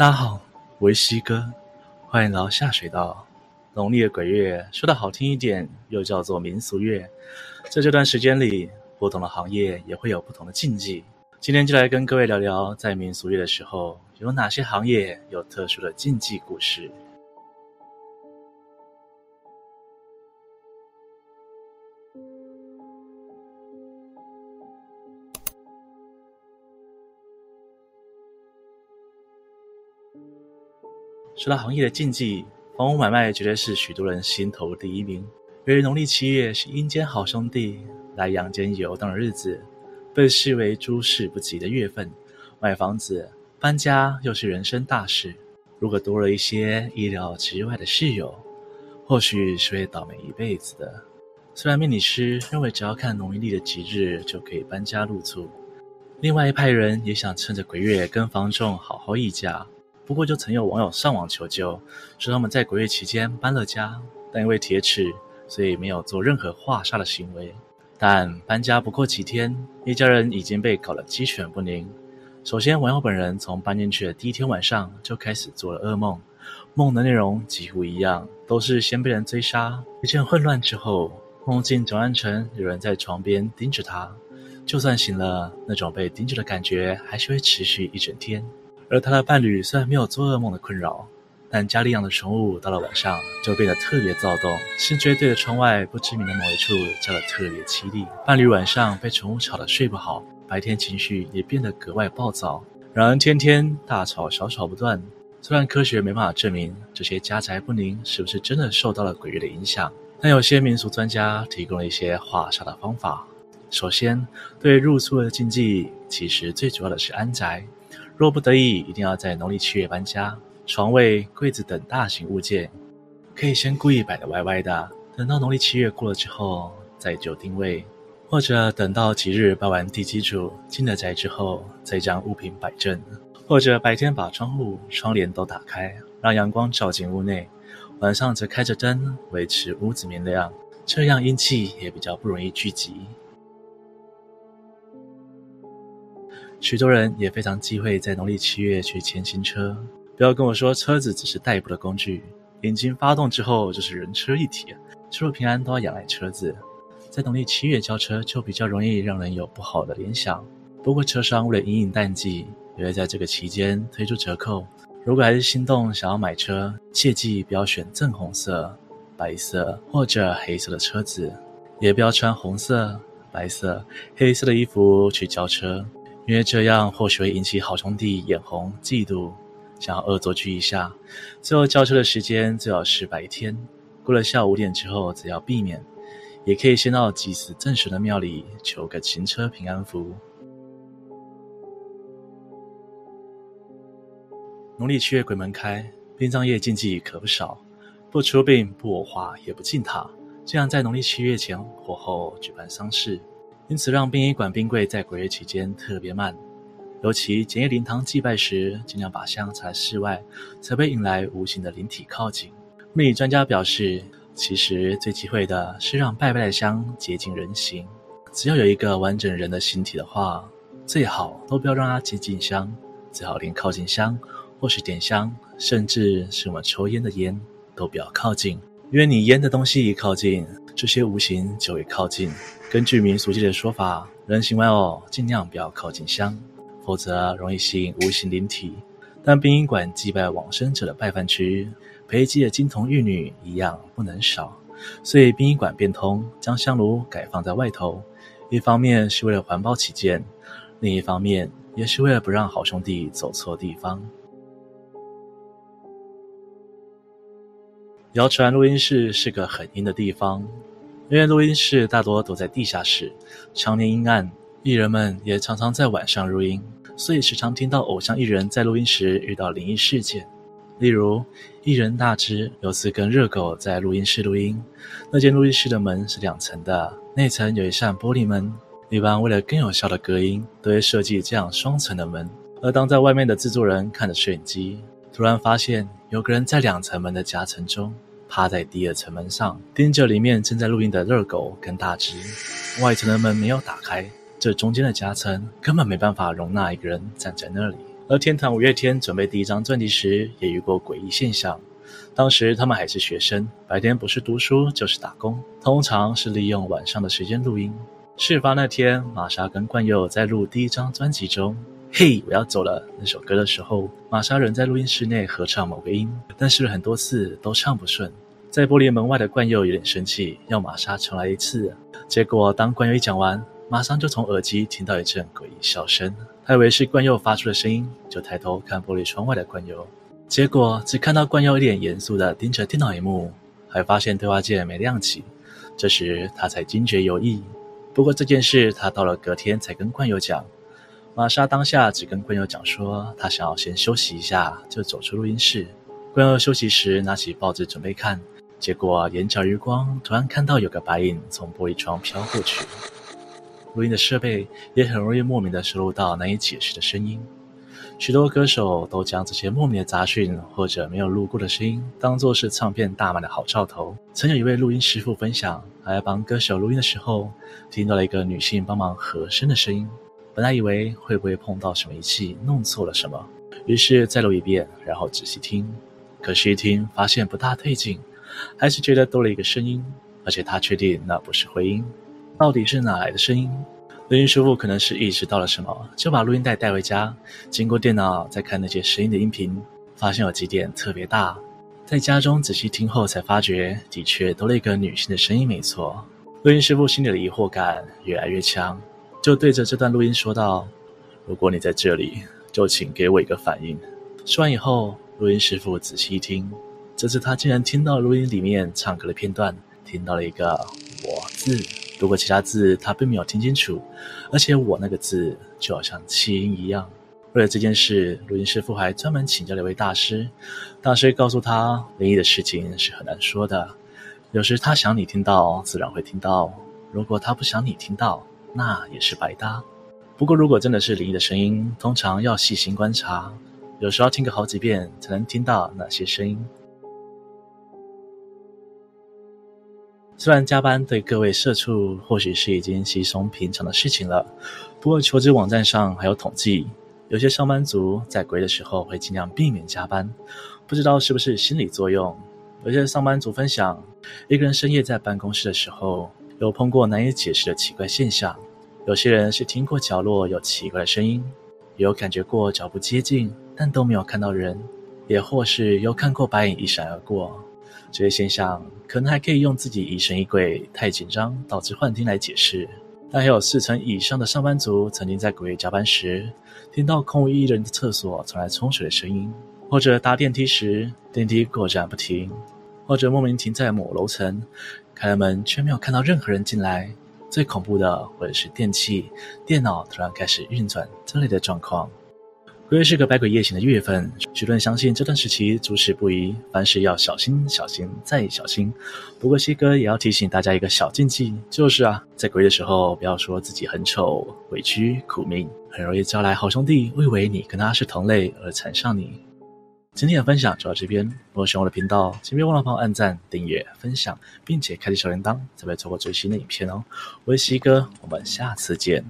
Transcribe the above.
大家好，我是西哥，歡迎來到下水道。農曆的鬼月，說的好聽一點，又叫做民俗月。在這，這段時間裡，不同的行業也會有不同的禁忌。今天就來跟各位聊聊，在民俗月的時候，有哪些行業有特殊的禁忌故事。說到行業的禁忌，房屋買賣絕對是許多人心頭第一名。由於農曆七月是陰間好兄弟來陽間遊蕩的日子，被視為諸事不吉的月份，買房子搬家又是人生大事。如果多了一些意料之外的室友，或許是會倒霉一輩子的。雖然命理師認為只要看農曆的吉日就可以搬家入住，另外一派人也想趁着鬼月跟房仲好好議價。不過，就曾有網友上網求救，說他們在鬼月期間搬了家，但因為鐵齒，所以沒有做任何化煞的行為。但搬家不過幾天，一家人已經被搞得雞犬不寧。首先，網友本人從搬進去的第一天晚上就開始做了噩夢，夢的內容幾乎一樣，都是先被人追殺，一陣混亂之後，夢境轉換成有人在床邊盯着他。就算醒了，那種被盯着的感覺還是會持續一整天。而他的伴侶雖然沒有做噩夢的困擾，但家裡養的寵物到了晚上就變得特別躁動，甚至對着窗外不知名的某一處叫得特別淒厲。伴侶晚上被寵物吵得睡不好，白天情緒也變得格外暴躁，兩人天天大吵小吵不斷。雖然科學沒辦法證明這些家宅不寧是不是真的受到了鬼域的影響，但有些民俗專家提供了一些化煞的方法。首先，對入厝的禁忌，其實最主要的是安宅。若不得已，一定要在農曆七月搬家，床位、櫃子等大型物件可以先故意擺得歪歪的，等到農曆七月過了之後再就定位，或者等到吉日搬完地基主進了宅之後再將物品擺正，或者白天把窗戶窗簾都打開，讓陽光照進屋內，晚上則開着燈維持屋子明亮，這樣陰氣也比較不容易聚集。許多人也非常忌諱在農曆七月去牽新車。不要跟我說車子只是代步的工具，引擎發動之後就是人車一體，出入平安都要仰賴車子。在農曆七月交車就比較容易讓人有不好的聯想。不過，車商為了因應淡季，也會在這個期間推出折扣。如果還是心動想要買車，切記不要選正紅色、白色或者黑色的車子，也不要穿紅色、白色、黑色的衣服去交車。因為這樣或許會引起好兄弟眼紅、嫉妒，想要惡作劇一下。最後交車的時間最好是白天，過了下午五點之後，則要避免。也可以先到祭祀正神的廟裡求個行車平安符。農曆七月鬼門開，殯葬業禁忌可不少：不出殯、不火化、也不進塔。這樣在農曆七月前或後舉辦喪事。因此，讓殯儀館冰櫃在鬼月期間特別慢，尤其簡易靈堂祭拜時，盡量把香插在室外，才不會引來無形的靈體靠近。命理專家表示，其實最忌諱的是讓拜拜的香接近人形，只要有一個完整人的形體的話，最好都不要讓它接近香，最好連靠近香，或是點香，甚至是我們抽煙的煙，都不要靠近。因為你煙的東西一靠近，這些無形就會靠近。根據民俗界的說法，人形玩偶盡量不要靠近香，否則容易吸引無形靈體。但殯儀館祭拜往生者的拜飯區，陪祭的金童玉女一樣不能少，所以殯儀館變通，將香爐改放在外頭。一方面是為了環保起見，另一方面也是為了不讓好兄弟走錯地方。謠傳錄音室是個很陰的地方，因為錄音室大多都躲在地下室，常年陰暗，藝人們也常常在晚上錄音，所以時常聽到偶像藝人在錄音時遇到靈異事件。例如，藝人大支有次跟熱狗在錄音室錄音，那間錄音室的門是兩層的，內層有一扇玻璃門，一般為了更有效的隔音，都會設計這樣雙層的門，而當在外面的制作人看着攝影機。突然發現，有個人在兩層門的夾層中，趴在第二層門上，盯着裡面正在錄音的熱狗跟大只。外層的門沒有打開，這中間的夾層根本沒辦法容納一個人站在那裡。而天堂五月天準備第一張專輯時，也遇過詭異現象。當時他們還是學生，白天不是讀書就是打工，通常是利用晚上的時間錄音。事發那天，瑪莎跟冠佑在錄第一張專輯中。嘿，我要走了。那首歌的時候，瑪莎人在錄音室內合唱某個音，但是很多次都唱不順。在玻璃門外的冠佑有點生氣，要瑪莎重來一次。結果，當冠佑一講完，馬上就從耳機聽到一陣詭異笑聲。他以為是冠佑發出的聲音，就抬頭看玻璃窗外的冠佑，結果只看到冠佑一臉嚴肅地盯着電腦螢幕，還發現對話鍵沒亮起。這時他才驚覺有異。不過這件事，他到了隔天才跟冠佑講。瑪莎當下只跟冠佑講說，她想要先休息一下，就走出錄音室。冠佑休息時拿起報紙準備看，結果眼角餘光突然看到有個白影從玻璃窗飄過去。錄音的設備也很容易莫名的收錄到難以解釋的聲音，許多歌手都將這些莫名的雜訊或者沒有錄過的聲音當作是唱片大賣的好兆頭。曾有一位錄音師傅分享，來幫歌手錄音的時候，聽到了一個女性幫忙和聲的聲音。本來以為會不會碰到什麼儀器弄錯了什麼，於是再錄一遍，然後仔細聽。可是一聽發現不大對勁，還是覺得多了一個聲音，而且他確定那不是回音。到底是哪來的聲音？錄音師傅可能是意識到了什麼，就把錄音帶帶回家，經過電腦再看那些聲音的音頻，發現有幾點特別大。在家中仔細聽後，才發覺的確多了一個女性的聲音，沒錯。錄音師傅心裡的疑惑感越來越強。就對着這段錄音說道：“如果你在這裡，就請給我一個反應。”說完以後，錄音師傅仔細一聽，這次他竟然聽到錄音裡面唱歌的片段，聽到了一個“我”字。如果其他字他並沒有聽清楚，而且“我”那個字就好像氣音一樣。為了這件事，錄音師傅還專門請教了一位大師。大師告訴他：“靈異的事情是很難說的，有時他想你聽到，自然會聽到；如果他不想你聽到。”那也是白搭。不過，如果真的是靈異的聲音，通常要細心觀察，有時候要聽個好幾遍才能聽到那些聲音。雖然加班對各位社畜或許是已經稀鬆平常的事情了，不過求職網站上還有統計，有些上班族在鬼月的時候會盡量避免加班。不知道是不是心理作用，有些上班族分享，一個人深夜在辦公室的時候。有碰過難以解釋的奇怪現象，有些人是聽過角落有奇怪的聲音，有感覺過腳步接近，但都沒有看到人，也或是有看過白影一閃而過。這些現象可能還可以用自己疑神疑鬼、太緊張導致幻聽來解釋，但還有四成以上的上班族曾經在午夜加班時，聽到空無一人的廁所傳來沖水的聲音，或者搭電梯時電梯過站不停。或者莫名停在某樓層，開了門卻沒有看到任何人進來。最恐怖的，或者是電器、電腦突然開始運轉這類的狀況。鬼月是個百鬼夜行的月份，許多人相信這段時期諸事不宜，凡事要小心、小心再小心。不過，西哥也要提醒大家一個小禁忌，就是啊，在鬼月的時候，不要說自己很醜、委屈、苦命，很容易招來好兄弟，誤以為你跟他是同類而纏上你。今天的分享就到這邊。如果喜歡我的頻道，請別忘了幫我按讚、訂閱、分享，並且開啟小鈴鐺，才不會錯過最新的影片哦。我是希哥，我們下次見。